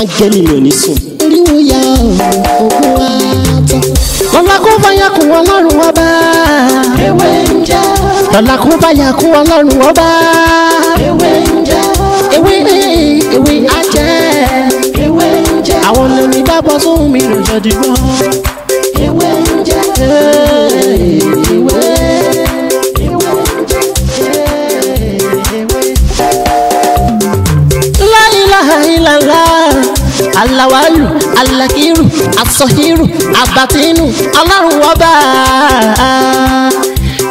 áńgẹ́lì mi ò ní sùn. oríwo ya òkú wa tán. lọ́la kó báyà kú ọlọ́run wọ́n bá. ewé ń já. lọ́la kó báyà kú ọlọ́run wọ́n bá. ewé ń já. ewé ewé á jẹ́. ewé ń já. àwọn lèmi dábọ̀ sóhun mi lòjọ́ dìgbọ́. ewé ń já. alawalu alakiru asọhiru abatinu ọlọ́run ọba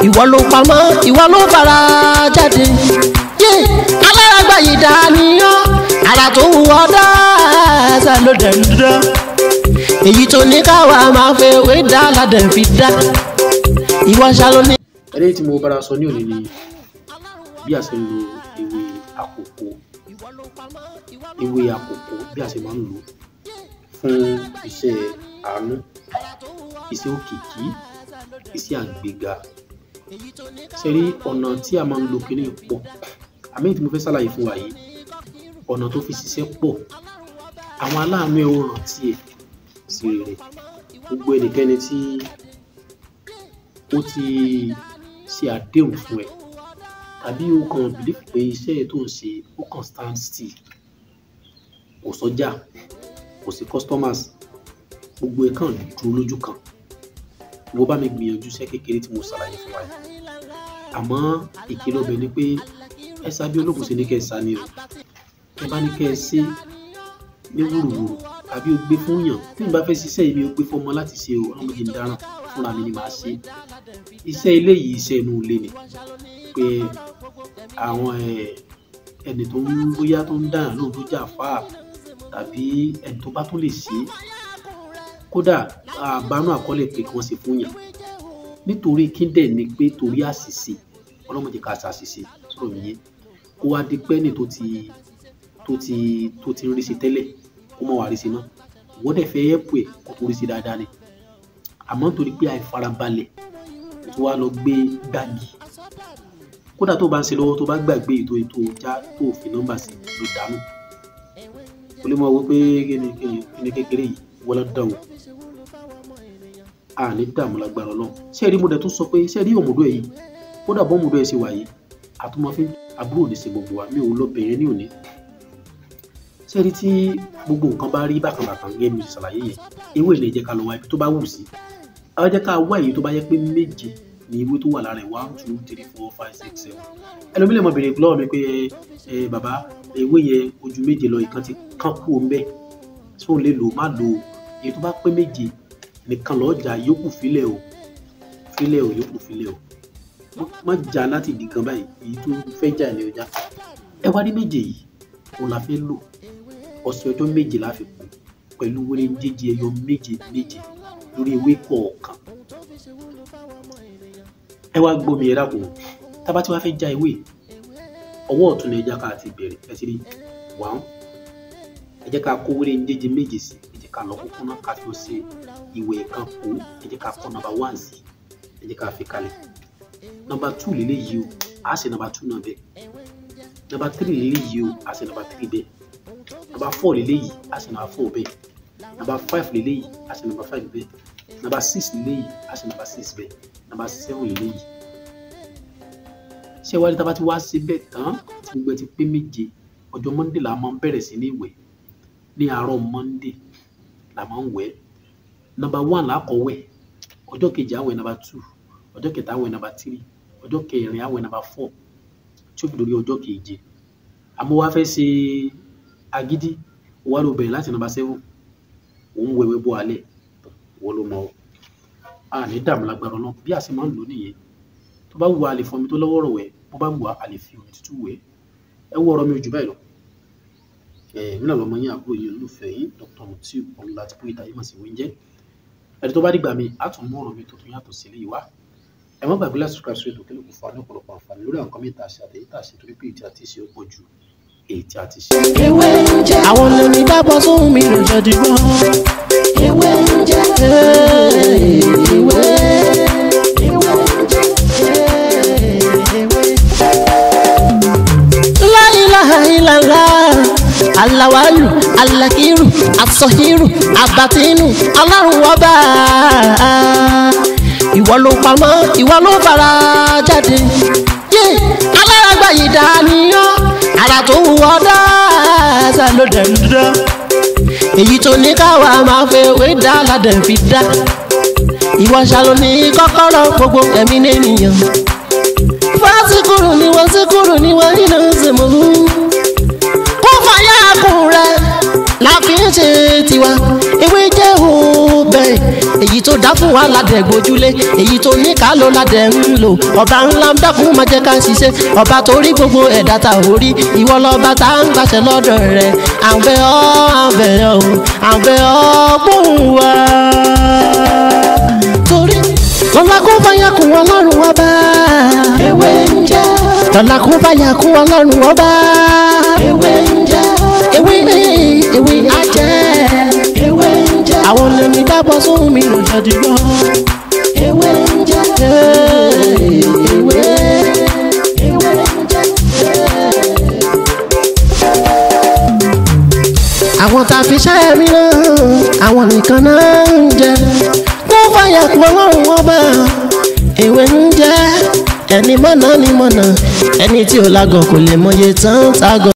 ìwọ ló pamọ́ ìwọ ló fara jáde yé alárágbá yìí dániyàn ara tó wù ọ́ dáadáa ló dẹ̀ ń dá èyí tó ní káwa máa fẹ́ wé dá ládẹ̀ fi dá ìwọ ṣáló ní. ẹni tí mo bára sọ ní òní ni bí a ṣe ń lo ewé àkókò ewé àkókò bí a ṣe máa ń lò fún iṣẹ́ àánú iṣẹ́ òkìkí iṣẹ́ àgbéga ṣe rí ọ̀nà tí a máa ń lo kíní pọ̀ àmì tí mo fẹ́ ṣàlàyé fún wa yìí ọ̀nà tó fi ṣiṣẹ́ pọ̀ àwọn aláàánú ẹ̀ ó sí rere gbogbo ẹnikẹ́ni tí ó ti ṣe àdéhùn fún ẹ àbí o kàn bìlífù pé iṣẹ́ tó ń ṣe ó kàn stand still kò sọ́jà kò sí customers gbogbo ẹ̀ kàn dúró lójú kan wo bá mi gbìyànjú iṣẹ́ kékeré tí mo ṣàlàyé fún wa yìí àmọ́ ìkìlọ̀ ọbẹ̀ ni pé ẹ sá ológun ṣe ní kẹ́ ẹ sá ni o ẹ bá ní kẹ́ ẹ ṣe ní wúruwúru àbí o gbé fún yàn tí n bá fẹ́ ṣiṣẹ́ yìí mi o gbé fún ọmọ láti ṣe o ọlọ́mọdé ń dáràn fúnra mi ni màá ṣe iṣẹ́ ilé yìí iṣẹ́ inú ilé ni pé àwọn ẹni tó ń bóyá tó ń dànù lóhùn tó jà fà tàbí ẹni tó bá tún lè ṣe kódà àbánú àkọọ́lẹ̀ pé kí wọ́n ṣe fún yàn nítorí kíndẹ̀ ni pé torí àṣìṣe ọlọ́mọdé ká ṣàṣìṣe sọ̀rọ̀ mi kó wá di pẹ́ẹ́nì tó ti tó ti tó ti ń rí sí tẹ́lẹ̀ kó mọ̀ wá rí sí náà ìwọ́n dẹ̀ fẹ́ yẹ́pù ẹ̀ kó tó rí sí dáadáa ni àmọ́ nítorí pé àìfarabalẹ̀ tó wá lọ gbé gbági kódà tó bá ń ṣe lọ́wọ́ tó bá gbàgbé ètò ètò já tó fi nọ́mbà sí ló dànù o lè mọ̀ wípé kíni kíni kékeré yìí wọ́n dàn wò a ní dààmú lágbára náà sẹ́ẹ̀rí mo dẹ̀ tún sọ pé sẹ́ẹ̀rí òmùdó ẹ̀ yìí kódà bọ́ òmùdó ẹ̀ ṣe wà yìí àtúmọ̀fín àbúrò ní ṣe gbogbo wa mi ò lọ́bẹ̀rẹ̀ ní òní sẹ́ẹ̀rí tí gbogbo nǹkan bá rí bákan bàtàn gẹ́gẹ́ mi ṣàlàyé yẹn ewé lè jẹ́ ká lọ wá ibi tó bá wù sí àwọn jẹ́ ká wá èyí tó bá yẹ pé méje ní ewé tó wà lára ẹ̀ one two three four five six seven ẹlòmílẹ̀ mọ̀ bèrè lọ́wọ́ mi pé ẹ bàbá ewé yẹn ojú méje lọ ìkan ti kán kú o mbẹ́ tí òun lè lò má lò ó èyí tó bá pé méje nìkan lọ́ọ́ jà yókù filẹ̀ o filẹ̀ o yókù filẹ̀ o má jà láti di báyìí èyí tó fẹ́ jà ní ọjà ẹ wá ní méje yìí òun la fẹ́ lò ọ̀sẹ̀ ọjọ́ méje la fi kù pẹ̀lú wẹ́rẹ́ jẹ́jẹ́ ẹyọ méje méje lórí ewé kọ̀ọ̀kan ẹ wá gbómi ẹ dákun tábà tí wàá fẹ́ já ewé ọwọ́ ọ̀tún ni ẹ jẹ́ ká ti bẹ̀rẹ̀ ẹ ti rí wàhùn ẹ jẹ́ ká kó wéré jẹ́jẹ́ méje sí ẹ jẹ́ ká lọ kókó náà ká fi ṣe ìwẹ̀ kan kó ẹ jẹ́ ká kó nọ́mbà one sí ẹ jẹ́ ká fi kalẹ̀ nọ́mbà two lélẹ́yìí o a ṣe nọ́mbà two náà bẹ́ẹ̀ nọ́mbà three lélẹ́yìí o a ṣe nọ́mbà three bẹ́ẹ̀ nọ́mbà four lélẹ́yìí a ṣe nọ́mbà four bẹ́ẹ̀ nọ́mbà five lélẹ́yìí a ṣe nọ́mbà five bẹ́ẹ̀ Number six léyìí a number six bẹ́ẹ̀ Number seven léyìí ṣé wàá ní tábà tí wàá ṣe bẹ́ẹ̀ tán tí gbogbo ẹ ti pé méje ọjọ́ monday la máa ń bẹ̀rẹ̀ sí ní ìwẹ̀ ní àárọ̀ monday la máa ń wẹ̀ nàbà one la kọ́ wẹ̀ ọjọ́ kejì àwẹ̀ nàbà two ọjọ́ kẹta àwẹ̀ number three ọjọ́ kẹrin àwẹ̀ nàbà four tí ó fi dórí ọjọ́ keje àmọ́ wàá fẹ́ ṣe agídí wàá lọ bẹ̀rẹ̀ láti number seven òun wẹ̀wẹ̀ bọ́ alẹ́ wọ́n ló mọ a ní dààmú lágbára náà bí a ṣe máa ń lò nìyẹn tó bá wù wá a tó lọ́wọ́ rọ̀ wẹ̀ bó bá wù wá omi tútù wẹ̀ ẹ wọ ọ̀rọ̀ mi jù báyìí lọ mínà lọmọ yín àbúrò yín olùfẹ́ yín Dr. Mutiu Ọlátípọ̀ Ìtayémọ̀ sí Wéńjẹ́ ẹni tó bá dìgbà mi á tún mú ọ̀rọ̀ mi tuntun yàtọ̀ sí ilé ìwá ẹ má gbàgbé láti subscribe ewé ń jẹ́ ewé. láìláìláìlá aláwálù alákírù asọ̀hírù àbàtínù alárùn ọba ìwọ ló pamọ́ ìwọ ló fara jáde yé alárágbá yìí dá níyàn àrà tó wù ọ́ dá sálódà ń dúró èyí tó ní káwa máa fẹ́ wé dá ládẹ̀ fi dá ìwọ ṣàlò ní kọ́kọ́rọ́ gbogbo ẹ̀mí nìyẹn fásikúrú ni wọ́n síkúrú ni wọ́n nínú ṣèmọ̀lú. tó dá fún wa ládẹ̀ gbójúlé èyí tó ní ká ló ládẹ̀ ń lò ọba ńlá ń dá fún má jẹ́ ká ń ṣiṣẹ́ ọba tó gbogbo ẹ̀dá ta ò rí ìwọ lọ́ba tá ń gbàṣẹ lọ́dọ̀ rẹ̀ àǹbẹ̀ ọ́ àǹbẹ̀ ọ́ àǹbẹ̀ ọ́ gbóhùn wa. torí ọlá kó fàyà kún ọlọ́run ọba. ewé ń jẹ́. ọlá kó fàyà kún ọlọ́run ọba. ewé ń jẹ́. ewé ewé ajẹ́ àwọn olè mi dábọ̀ sóhun mi lò jáde gbọ́. ewé ń jẹ́ ewé ewé ń jẹ́ àwọn tá a fi ṣe ẹ̀rí náà àwọn nìkan náà ń jẹ kó fàyà pọ̀ ọlọ́run ọba ewé ń jẹ́ ẹni mọ̀nà ni mọ̀nà ẹni tí ò lágọ̀ kò lè mọye tán tágọ̀.